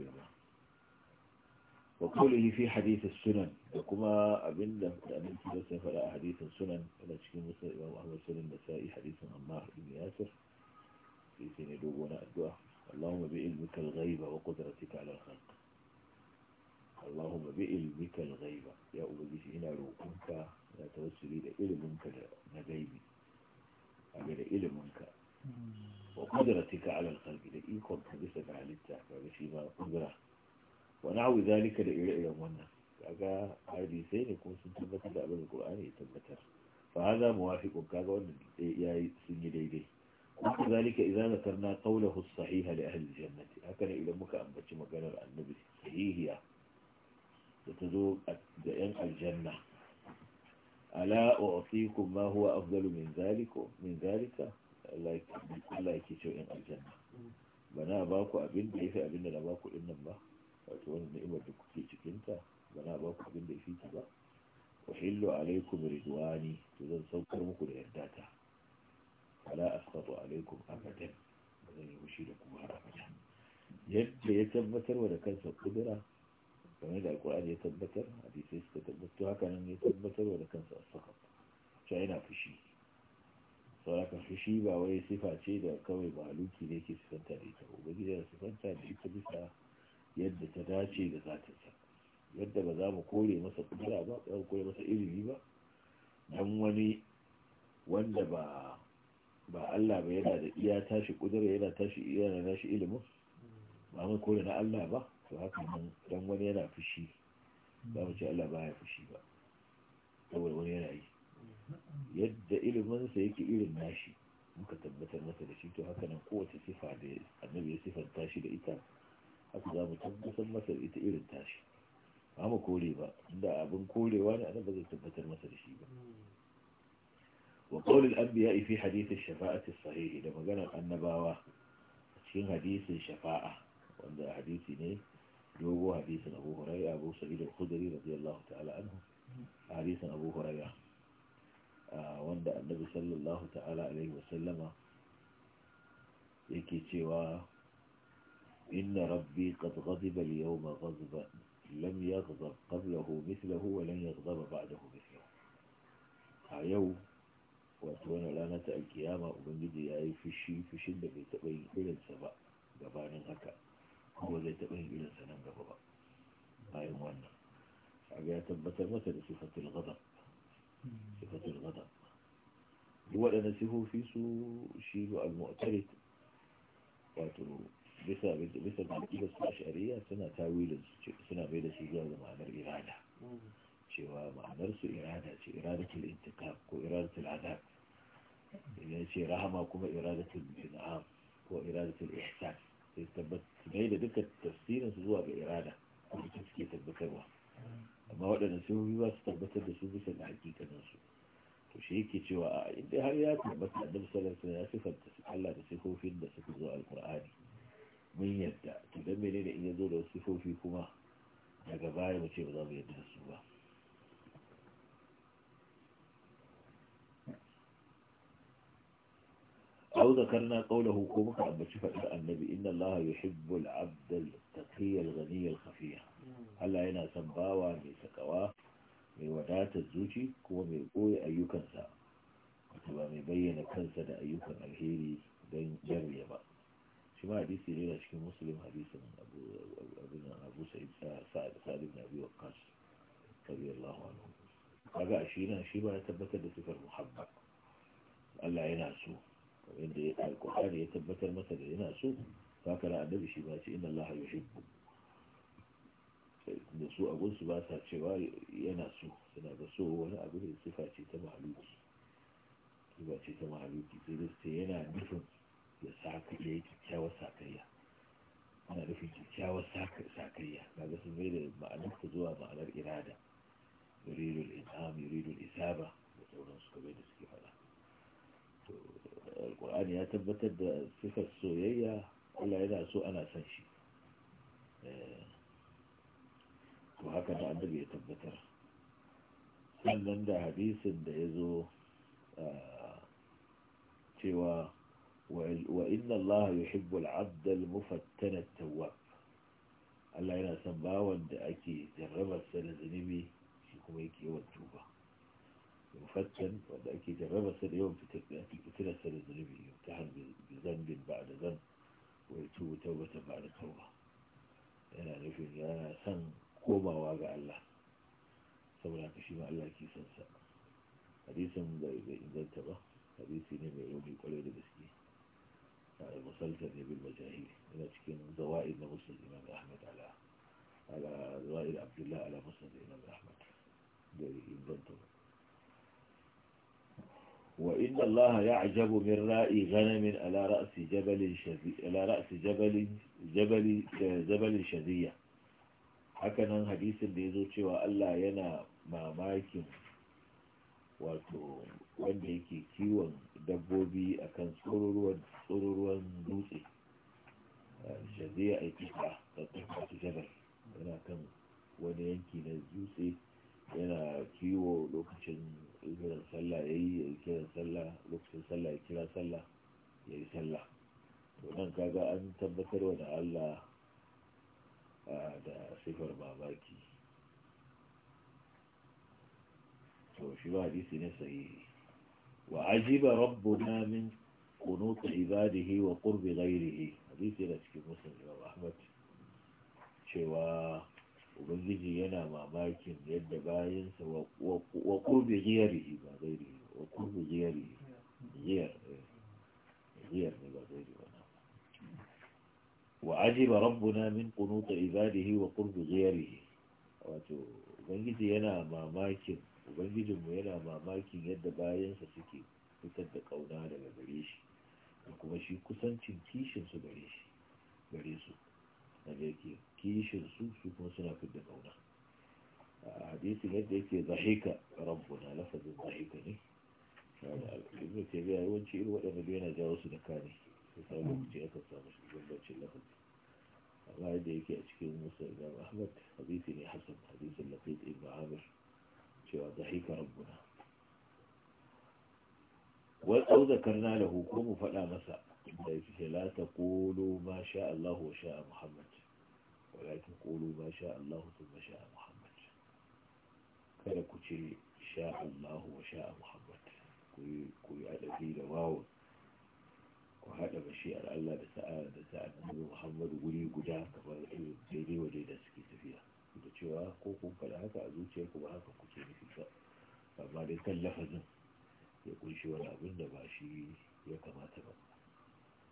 Speaker 1: وقوله في حديث السنن وكما أبن لم تأمن فلا حديث السنن فلا شكي مساء إمام أحمد سنن مسائي حديث عمار بن ياسر في سنة دوبنا الدعاء اللهم بإلمك الغيبة وقدرتك على الخلق اللهم بإلمك الغيبة يا أبدي هنا لو أنت لا توسلي لإلمك الغيبة أبدي لإلمك وقدرتك على القلب لئي كنت حديثك على التحفة بشيبا قدرة ونعو ذلك لإلى يومنا أجا عادي سين يكون سنتمت إلى القرآن يتمتر فهذا موافق كذا يا سنجي لي ذلك إذا ذكرنا قوله الصحيح لأهل الجنة أكن إلى مكة أم بجمع قال النبي صحيح يا تتذوق دائن الجنة ألا أعطيكم ما هو أفضل من ذلك من ذلك Allah yake cewa in aljanna Bana ba ku abin da ya fi abin da na ba ku din nan ba wato wani ni'imar da kuke cikinta ta bana ba ku abin da ya fi ki ba uhillu alaikum ridwani to zan saukar muku da yarda ta ala asqatu alaikum abadan ba zan yi mushi da kuma abada yadda ya tabbatar wa da kansa kudura kamar da alkur'ani ya tabbatar hadisai suka tabbatar haka nan ya tabbatar wa da kansa asqatu cewa yana fushi saraka shi shi ba wai sifa ce da kawai maluki ne ke sifanta da ita ubangiji da sifanta da ita bisa yadda ta dace da zatinsa yadda ba za mu kore masa kudura ba ba mu kore masa ilimi ba dan wani wanda ba ba Allah ba yana da iya tashi kudura yana tashi na nashi ilimin ba mu kore na Allah ba to haka nan dan wani yana fushi ba mu ce Allah ba ya fushi ba saboda wani yana yi yadda iliminsa yake irin nashi muka tabbatar masa da shi to haka nan kowace sifa da annabi ya sifanta shi da ita haka za mu tabbatar masa da ita irin tashi ba mu kore ba inda abin korewa ne annabi zai tabbatar masa da shi ba wa qawlul anbiya fi hadith ash-shafa'ati as-sahih da maganar annabawa cikin hadisin shafa'a wanda hadisi ne dogo hadisin Abu Hurairah Abu Sa'id al-Khudri radiyallahu ta'ala anhu hadisin Abu Hurairah wanda annabi sallallahu ta'ala alaihi wasallama yake cewa inna rabbi qad ghadiba al-yawma ghadban lam yaghdab qablahu mithluhu wa lam yaghdab ba'dahu mithluhu a yau wato wani rana ta alkiyama ubangiji ya yi fushi fushin da bai taɓa yin irinsa ba gabanin haka kuma zai taɓa yin irinsa nan gaba ba bayan wannan a ya tabbatar masa da sifatul ghadab sifatul ghadab waɗanda sifofi su shi al-mu'tarid wato bisa bisa da su shari'a suna tawilin suna bai da su zuwa ga ma'anar irada cewa ma'anar su irada ce iradatul intika ko iradatul adab ya ce rahama kuma iradatul bina'am ko iradatul ihsan sai tabbatar da dukkan tafsirin su zuwa ga irada ko ita suke tabbatarwa amma waɗanda sun yi ba su tabbatar da su bisa da hakikanin su to shi yake cewa a inda har ya tabbata da sallallahu alaihi ya sifanta Allah da sifofin da suka zo alqur'ani mun yadda to dan mene ne in ya zo da sifofi kuma daga baya mu ce ba za mu yadda da su ba أو ذكرنا قوله كومك أما شفت النبي إن الله يحب العبد التقي الغني الخفيف Allah yana son bawa mai takawa mai wadatar zuci kuma mai ɓoye ayyukansa wata ba mai bayyana kansa da ayyukan alheri don jarriya ba shi ma hadisi ne da cikin musulun hadisin abu sa'ad ibn abi waqqas radiyallahu anhu kaga shi nan shi ba ya tabbatar da sifar muhabba Allah yana so kamar yadda alƙur'ani ya tabbatar masa da yana so Ba ka annabi shi ba ce inna Allah yuhibbu da su abunsu ba sa cewa yana so suna ga so wani abu da sifa ce ta mahaluki sifa ce ta mahaluki sai da su yana nufin ya saka ya yi kyakkyawar sakayya ana nufin kyakkyawar sakayya ga sun mai da ma'anar ta zuwa ma'anar irada yuridul in'am yuridul isaba da sauransu kamar da suke faɗa to alqur'ani ya tabbatar da sifar soyayya Allah yana so ana son shi eh, وهكذا النبي تبتر سنن ده حديث ده يزو آه، وإن الله يحب العبد المفتن التواب الله إنا سنباوان ده أكي تغربة سنة زنبي شكوم إكي والتوبة مفتن وده أكي تغربة سنة يوم في تكتنة سنة زنبي يمتحن بذنب بعد ذنب ويتوب توبة بعد توبة أنا يعني نفين يا يعني سنب komawa ga Allah saboda ka shi ma Allah ke son sa hadisin da bai inganta ba hadisi ne mai rubi kwarai da gaske a musalta ne bil majahil yana cikin zawa'id na musul imam ahmad ala ala zawa'id abdullah ala musul imam ahmad da inganta ba وإن الله يعجب من رأي غنم على رأس جبل شذي على رأس جبل جبل جبل شذية hakanan hadisin da ya zo cewa Allah yana mamakin wato wanda yake kiwon dabbobi akan tsororuwan dutse shaziya a kisa da jabal yana kan wani yanki na dutse yana kiwo lokacin kiran sallah ya yi kiran sallah lokacin sallah ya kira sallah ya yi sallah to nan kaga an tabbatar wa da Allah da sifar babaki to shi ba hadisi ne sai wa ajiba rabbuna min qunut ibadihi wa qurbi ghairihi hadisi da cikin muslim Imam Ahmad cewa ubangiji yana mamakin yadda bayansa wa qurbi ghairihi ba ghairihi wa qurbi ghairihi ghair eh. ghair ne ba ghairihi وعجب ربنا من قنوط عباده وقرب غيره wato ubangiji yana mamakin mu yana mamakin yadda bayansa suke fitar da kauna daga gare shi da kuma shi kusancin su gare shi gare su da yake kishin su kuma suna fitar da kauna a hadisin yadda yake zahika rabbuna lafazin zahika ne ibn biya yawanci irin waɗanda yana jawo su da kane sai lokaci aka samu shugabancin lafazi amma yadda yake a cikin musa imam ahmad hadisi ne hasan hadisin lafis ibn amir cewa zahika rabbuna wal au zakarna lahu ko mu faɗa masa da yake la kolo ma sha Allah wa sha Muhammad walakin kolo ma sha Allah thumma sha Muhammad kada ku ce sha Allah wa sha Muhammad ku yi ku da wawo ku haɗa bashiyar Allah da sa'a da sa'a annabi Muhammadu guri guda kamar daidai waje da suke tafiya da cewa ko kun faɗa haka a zuciya ku ba haka kuke nufi ba amma dai kan lafazin ya kunshi wani abin da ba shi ya kamata ba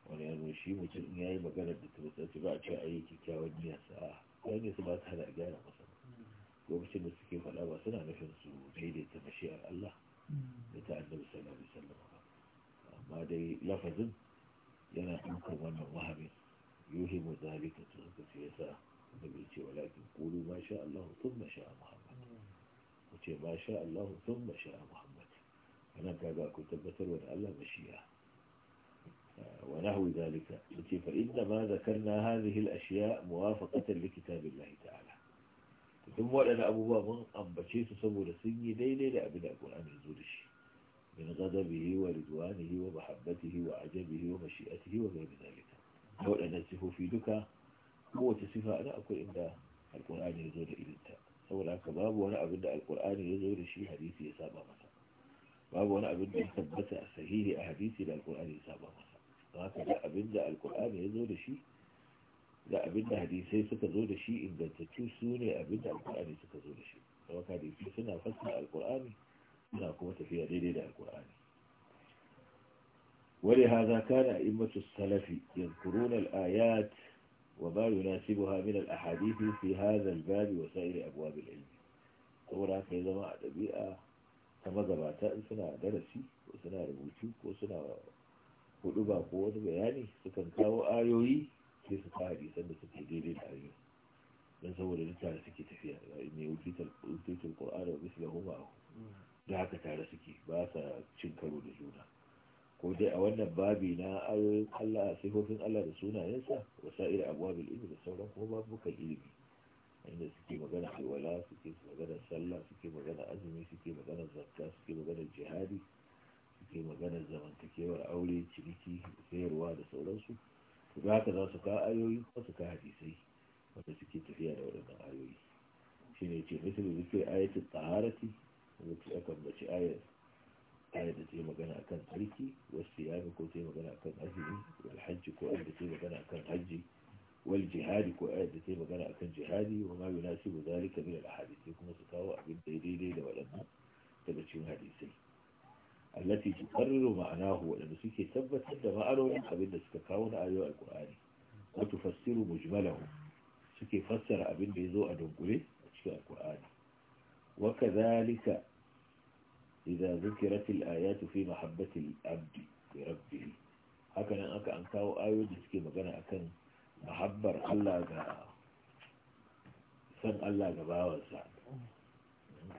Speaker 1: wani ya shi mutum in yayi maganar da ta mutunci ba a ce a yi kyakkyawan niyya sa'a wani su ba ta da gyara masa lokacin da suke faɗa ba suna nufin su daidaita bashiyar Allah da ta annabi sallallahu alaihi wasallam amma dai lafazin yana ɗaukar wannan wahabin yuhi mu zalika to suka ce yasa da bai ce walakin kulu ma sha Allah sun ma sha Muhammad ku ce ma sha Allah sun ma sha Muhammad Ana kaga ku tabbatar wa da Allah mashiya wa nahwi zalika ce, fa inna ma zakarna hadhihi al-ashiya muwafaqatan li kitabillahi ta'ala duk waɗannan abubuwa mun ambace su saboda sun yi daidai da abin da Qur'ani ya zo da shi min ghadabihi wa ridwanihi wa mahabbatihi wa ajabihi wa mashi'atihi wa ghayri zalika waɗannan sifofi duka kowace sifa da akwai inda alqur'ani ya zo da irinta saboda haka babu wani abin da alqur'ani ya zo da shi hadisi ya saba masa babu wani abin da ya tabbata a sahihi a hadisi da alqur'ani ya saba masa don haka da abin da ya zo da shi da abin da hadisai suka zo da shi su ne abin da alkur'ani suka zo da shi suna fassara alkur'ani suna kuma tafiya daidai da alkur'ani wani haza kana imatu salafi yankuruna al'ayat wa ma yunasibuha min al fi hadha al-bab wa sa'ir abwab al saboda haka ya zama a ɗabi'a ta magabata in suna darasi ko suna rubutu ko suna hudu ba ko wani bayani sukan kawo ayoyi sai su ka hadisan da suke daidai da ayoyi don saboda da suke tafiya da ne wuce ta alƙur'ani wa mislahu da haka tare suke ba sa cin karo da juna ko dai a wannan babi na Allah sifofin Allah da sunayensa wasa'ir abwabil ilmi da sauran kuma babukan ilimi inda suke magana alwala suke magana sallah suke magana azumi suke magana zakka suke magana jihadi suke magana zamantakewar aure ciniki sayarwa da sauransu su da haka za su ka ayoyi ko su ka hadisai wanda suke tafiya da waɗannan ayoyi shine ce misali zikir ayatul taharati lokaci aka bace ayar ayar da ce magana kan tsarki wasu ya ko ce magana akan azumi wal hajji ko ayar da ce magana kan hajji wal jihadi ko ayar da ce magana kan jihadi wa ma shi yunasibu zalika min al ahadith kuma su kawo abin da daidai da waɗannan daga cikin hadisai allati tuqarriru ma'anahu waɗanda suke tabbatar da ma'anonin abin da suka kawo na ayoyin alqur'ani wa tufassiru mujmalahu suke fassara abin da ya zo a dunkule a cikin alqur'ani wa kadhalika إذا ذكرت الآيات في محبة العبد لربه هكذا أكا أنكاو آيو جسكي مغانا أكن محبر الله غا سن الله غبا وسع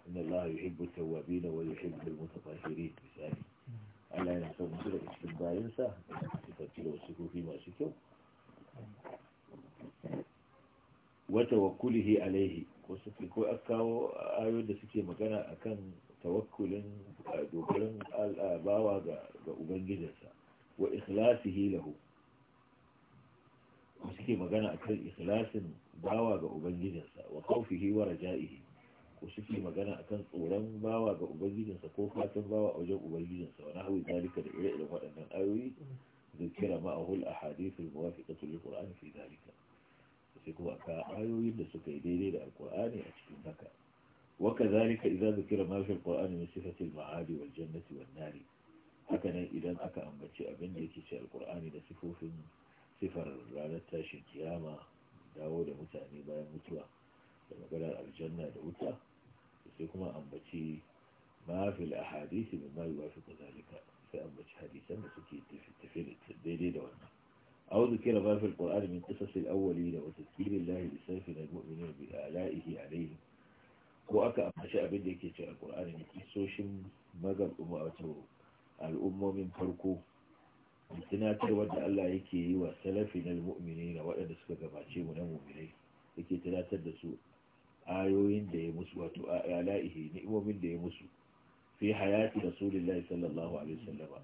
Speaker 1: إن الله يحب التوابين ويحب المتطهرين مثالي ألا yana son musu daga cikin وسكو فيما سكو وتوكله عليه ko suke ko a kawo ayo da suke magana akan tawakkulin dogarin bawa ga ubangijinsa wa ikhlasihi lahu suke magana akan ikhlasin bawa ga ubangijinsa wa khawfihi wa raja'ihi ko suke magana akan tsoron bawa ga ubangijinsa ko fatan bawa a wajen ubangijinsa wani hawi zalika da ire-iren waɗannan ayoyi kira ma'ahul ahadithul muwafiqatu lil qur'ani fi zalika sai kuma ka ayoyin da suka yi daidai da alkur'ani a cikin haka waka zalika idza zikira ma fi alqur'ani min sifati al-ma'adi wal jannati wan haka nan idan aka ambaci abin da yake ce alkur'ani da sifofin sifar ranar tashin kiyama dawo da mutane bayan mutuwa da maganar aljanna da wuta sai kuma ambaci ma fi al-ahadisi mimma yuwafiqu zalika sai ambaci hadisan da suke tafi da daidai da wannan أو ذكر ما في القرآن من قصص الأولين وتذكير الله لسيفنا المؤمنين بآلائه عليهم ko aka ambaci abin da yake ce a ƙur'ani da kisoshin magar al'ummomin farko da tunatarwar da Allah yake yi wa salafi na mu'mini na waɗanda suka gabace mu na mu'minai yake talatar da su ayoyin da ya musu wato ala'ihi ni'imomin da ya musu fi hayati rasulillahi sallallahu alaihi wasallama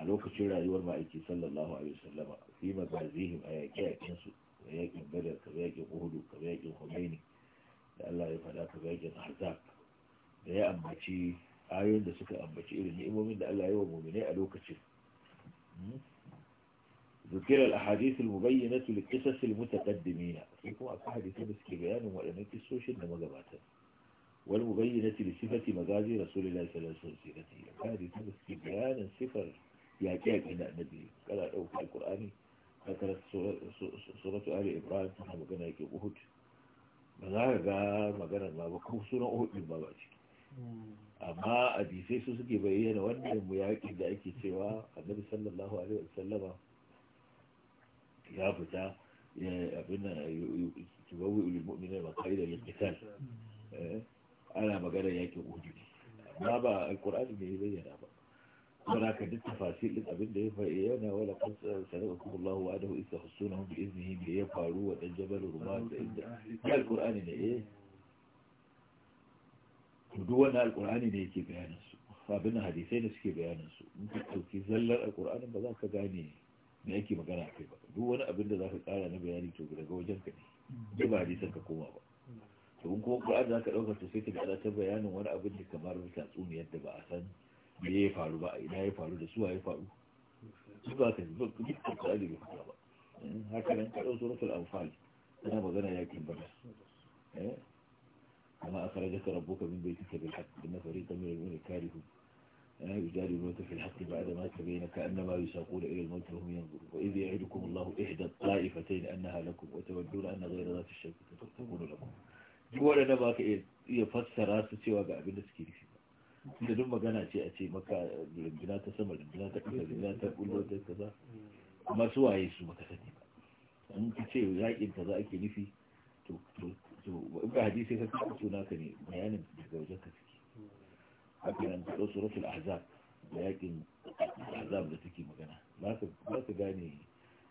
Speaker 1: a lokacin rayuwar ma'aiki sallallahu alaihi wasallama fi mazazihim a yaƙe yaƙen su ka yaƙin badar ka yaƙin uhudu ka yaƙin humaini da Allah ya faɗa ka yaƙin ahzab da ya ambaci ayoyin da suka ambaci irin ni'imomin da Allah ya yi wa mu'minai a lokacin ذكر الأحاديث المبينة للقصص المتقدمين فيكم أحاديث مسك بيان وأن السوشيال مغباتا والمبينة لصفة مغازي رسول الله صلى الله عليه وسلم أحاديث مسك بيان صفر yaƙi yaƙi da annabi kana ɗauka alƙur'ani ka karanta suratu ali ibrahim tana magana yake uhud ba za ka ga maganar ma ba ko sunan uhud ba ba ciki amma hadisai su suke bayyana wannan mu yaƙi da ake cewa annabi sallallahu alaihi wasallama ya fita abin da kibawu ilil mu'minin ba kai da ana magana yaƙin uhud amma ba alƙur'ani ne ya bayyana ba ولا كدت تفاصيل الأبن ده فإيانا ولا قد سنوكم الله وعده إذ تخصونهم بإذنه ليفعلوا والجبل رماد يا القرآن ده إيه ودونا القرآن ده يكي بيانا فابن حديثين سكي بيانا ممكن في زلر القرآن بذاك غاني me eh? yake magana a kai ba duk wani abin da za ka tsara na bayani to daga wajen ka ne ba ba hadisan ka koma ba to in kuma za ka ɗaukar to sai ta ga ta bayanin wani abin da kamar tatsuniyar da ba a san da ya faru ba ina ya faru da suwa ya faru duk aka yi duk da ƙwari bai faru ba haka nan kaɗau suratul anfal tana magana yakin bana amma a fara jaka rabuka min bai kika bil haƙƙi na farika min al-mu'min karihu أنا يجاري الموت في الحق بعد ما تبين كأنما يساقون إلى الموت وهم ينظرون وإذ يعدكم الله إحدى الطائفتين أنها لكم وتودون أن غير ذات الشركة تكون لكم جوانا ما يفسر راسي وقع بالنسكي da duk magana ce a ce maka rigina ta sama rigina ta kasa rigina ta kullo ta kasa amma su waye su maka sani ba in ka ce yakin kaza ake nufi to in ka hadisi ka kawo suna ka ne bayanin daga wajen ka suke haka nan ka ɗau suratul azab da yakin azab da take magana ba ka gane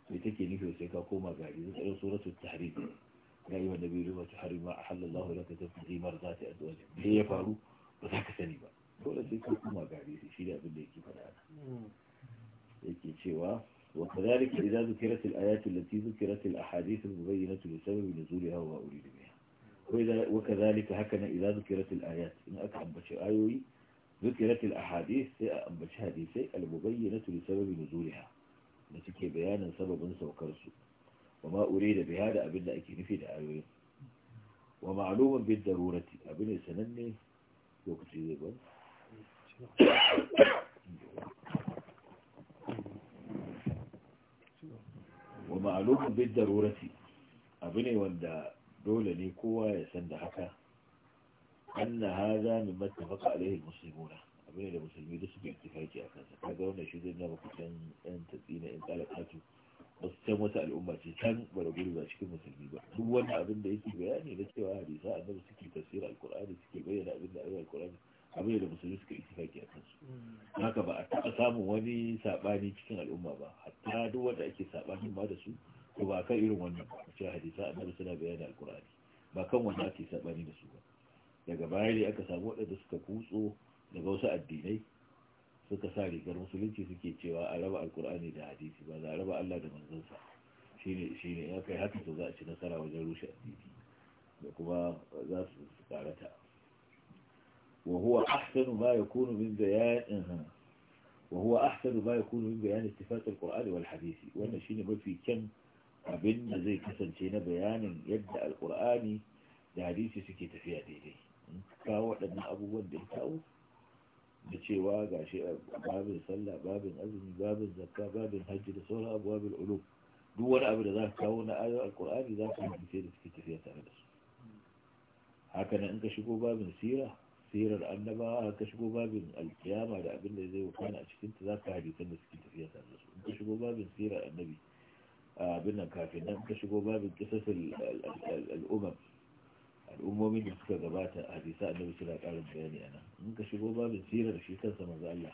Speaker 1: mai take nufi sai ka koma gari zai tsaye suratul tahrim ya yi wa nabi rima ta ma a halallahu laka ta fi zimar za ta yi azuwa ne ya faru ba za ka sani ba وكذلك إذا ذكرت الآيات التي ذكرت الأحاديث المبينة لسبب نزولها وما أريد بها وإذا وكذلك هكذا إذا ذكرت الآيات إن أكعبش آيوي ذكرت الأحاديث أكعبش المبينة لسبب نزولها كي بيانا سبب سوكرسو وما أريد بهذا أبن أكين في الآيوي ومعلوم بالضرورة أبن سنني وكتيبا wa ma'alumin bin rorati. abu ne wanda dole ne kowa ya san da haka anna hada min mattafaqa alaihi muslimuna abu ne da musulmi da suke ittifaki a kansa kaga wannan shi zai nuna maka can yan tatsina in talakatu wasu can wata al'umma ce can bara guri ba cikin musulmi ba duk wani abin da yake bayani na cewa hadisa annabi suke tafsir alqur'ani suke bayyana abin da ayoyin alqur'ani abin da musulmi suka itifaki a kansu hmm. haka ba a taɓa samun wani saɓani cikin al'umma ba hatta duk wanda ake saɓanin ba da su ko ba kan irin wannan ba ce hadisa annabi suna bayani alkur'ani ba kan wanda ake saɓani da su ba daga baya ne aka samu waɗanda suka kutso daga wasu addinai suka sa rigar musulunci suke cewa a raba alkur'ani da hadisi ba za a raba allah da manzonsa shine shine ya kai haka to za a ci nasara wajen rushe addini da kuma za su karata وهو أحسن ما يكون من بيان وهو أحسن ما يكون من بيان اتفاق القرآن والحديث وأن شين ما في كم بين زي كسن شين بيان يبدأ القرآن لحديث سكت في هذه كاو لأن أبو ود الكاو بشي واقع شيء باب الصلاة باب الأذن باب الزكاة باب الحج صورة أبواب العلوم دون أبدا ذاك كون آية القرآن ذاك من سيرة كتفية تعالى هكذا أنك شكو باب السيرة sirar annabawa ka shigo babin alkiyama da abin da zai wakana a cikin ta zaka hadisan da suke tafiya tare da su in ka shigo babin sirar annabi abin nan kafin nan ka shigo babin kisasul al'umma al'ummomin da suka gabata a hadisa annabi suna karin bayani ana in ka shigo babin sirar shi kansa manzo Allah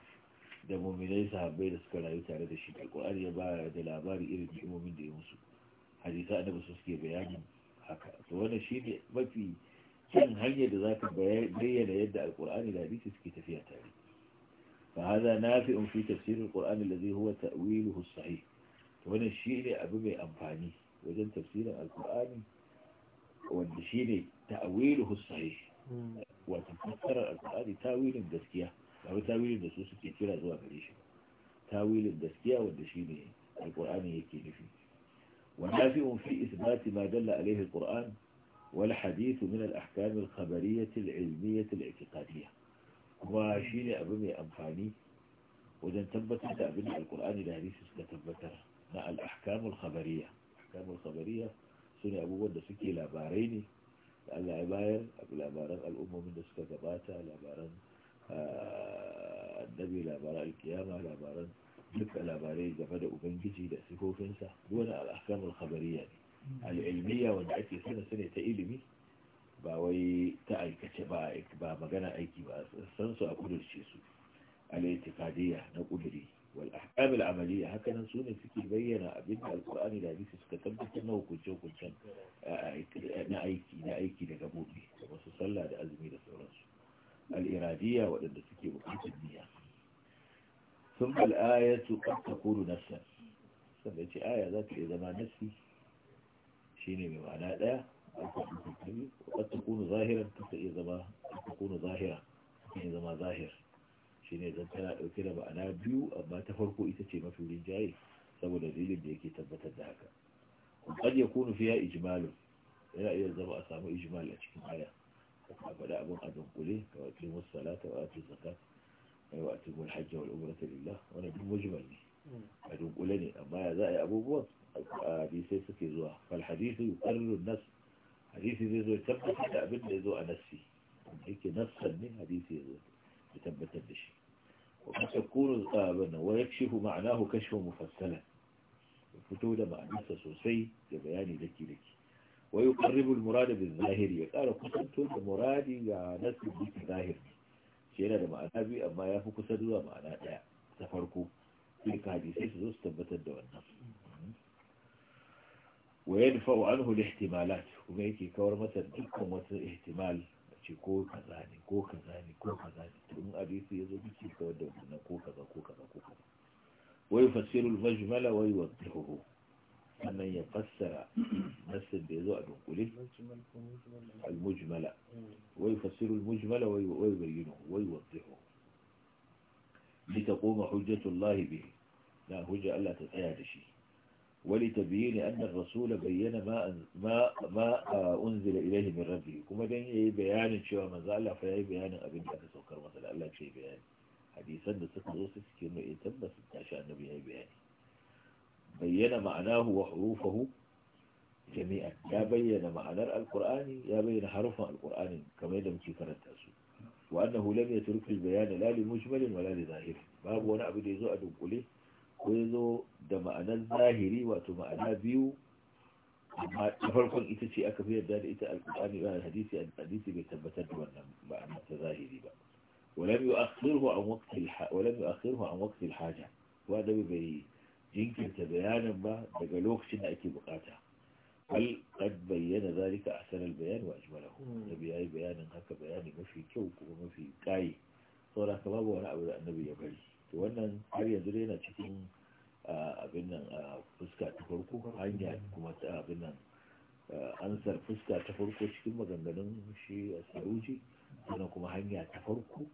Speaker 1: da muminai sahabbai da suka rayu tare da shi alƙur'ani ya ba da labari irin ni'imomin da ya musu hadisa annabi su suke bayani haka to wannan shi ne mafi كان هيا لذاك بيّن يدى القرآن إلى بيت سكيت فيها تأويل فهذا نافع في تفسير القرآن الذي هو تأويله الصحيح وأنا الشيء لأبو بي أمفاني وجن تفسير القرآن والشيء تأويله الصحيح وتفسر القرآن تأويل الدسكية أو تأويل دسوس كتير زوا مليش تأويل دسكية والشيء القرآن يكيني فيه ونافع في إثبات ما دل عليه القرآن والحديث من الأحكام الخبرية العلمية الاعتقادية وشين أبني أمفاني وذن تنبت أبني القرآن إلى هديث ستنبتر ما الأحكام الخبرية أحكام الخبرية سنة أبو ودى سكي لاباريني لأن العباير لاباران الأمة من دسكة باتا لاباران آه، النبي لاباران القيامة لاباران لك لاباري جفد أبنجي جيدا سكوفنسا دون الأحكام الخبرية دي. al'ilmiya wanda ake sanin su ne ta ilimi ba wai ta aikace ba ba magana aiki ba san su a kudurce su al'itikadiyya na kuduri wal ahkam al-amaliyya nan su ne suke bayyana abin da alqur'ani da hadisi suka tabbatar na hukunce hukuncen eh, na aiki na aiki da gabobi kamar su sallah da azumi da sauransu al waɗanda suke buƙatar niyya sun bal ayatu qad takunu nafsan sannan ce aya za ta iya zama nafsi شيني بمعنى لا قد تكون ظاهرة إذا ما تكون ظاهرة إذا ما ظاهر شيني إذا ترى كده معنى بيو أما تفرقوا إذا شيء ما في الجاي سبب الذي يبدأ كي تبت الذهك وقد يكون فيها إجمال لا إذا ما أسامه إجمال أشكي معايا فلا أبون أدون قولي وأتلموا الصلاة وأتلموا الزكاة وأتلموا الحج والعمرة لله وأنا بمجمل أدون قولني أما يا أبو بوط فالحديث يقرر النفس حديثي زيزو زوا يتبت تأبن زوا نفسي هيك نفسا من حديثي زوا يتبت الدشي وتكون قابلنا ويكشف معناه كشف مفصلا فتولى مع نفس سوسي كبياني لك لك ويقرب المراد بالظاهر يقال قصدت المراد يا نفسي بك ظاهر شيرا لما أنا أما يافو قصدوا معنا لا تفرقوا في الكهديسي سوس تبتد والنفس ويدفع عنه الاحتمالات وميكي كور مثلا تكون احتمال شي كو كو كذا كو كذا تكون ابي في يزو بيشي كو كذا كو كذا كو كذا ويفسر المجمل ويوضحه أن يفسر نفس بيزو أدون كله إيه؟ المجمل ويفسر المجمل ويبينه ويوضحه لتقوم حجة الله به لا حجة ألا تتعيد شيء ولتبيين أن الرسول بين ما ما ما أنزل إليه من ربه كما دين أي بيان شو ما زال في أي بيان أبين أبي سكر مثلا الله شيء بيان حديثا ده سكر سكر إيه عشان النبي أي بيان بين معناه وحروفه جميعا يا بين معنى القرآن يا بين حروف القرآن كما يدم في كرنتا وأنه لم يترك البيان لا لمجمل ولا لظاهر باب ونعبد أبدا يزوء أدوك ko da ma'anar zahiri wato ma'ana biyu amma ta farkon ita ce aka fi da ita alƙur'ani ba hadisi hadisi bai tabbatar da wannan ma'ana ta zahiri ba ولم يؤخره عن وقت الح... ولم يؤخره عن وقت الحاجة وهذا بي جنكن تبيانا ما دقلوك شنا اكي بقاتا هل قد بيّن ذلك أحسن البيان وأجمله النبي أي بيانا هكا بياني ما في كوك وما في كاي صورة كباب وأنا أبدا النبي يبالي to wannan har yanzu dai yana cikin abin nan fuska ta farko hanya kuma ta abin nan ansar fuska ta farko cikin maganganun shi a saruji sannan kuma hanya ta farko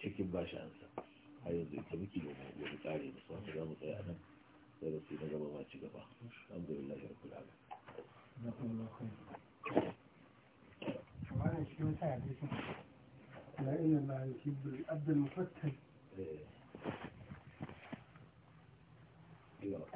Speaker 1: cikin bashi ansa har yanzu ita muke domin wani tsari musamman za mu tsaya nan da su na gaba ma ci gaba An alhamdulillah ya rabu da وعن الشيوخ سعد لا إن الله يحب الأب المفتن Lord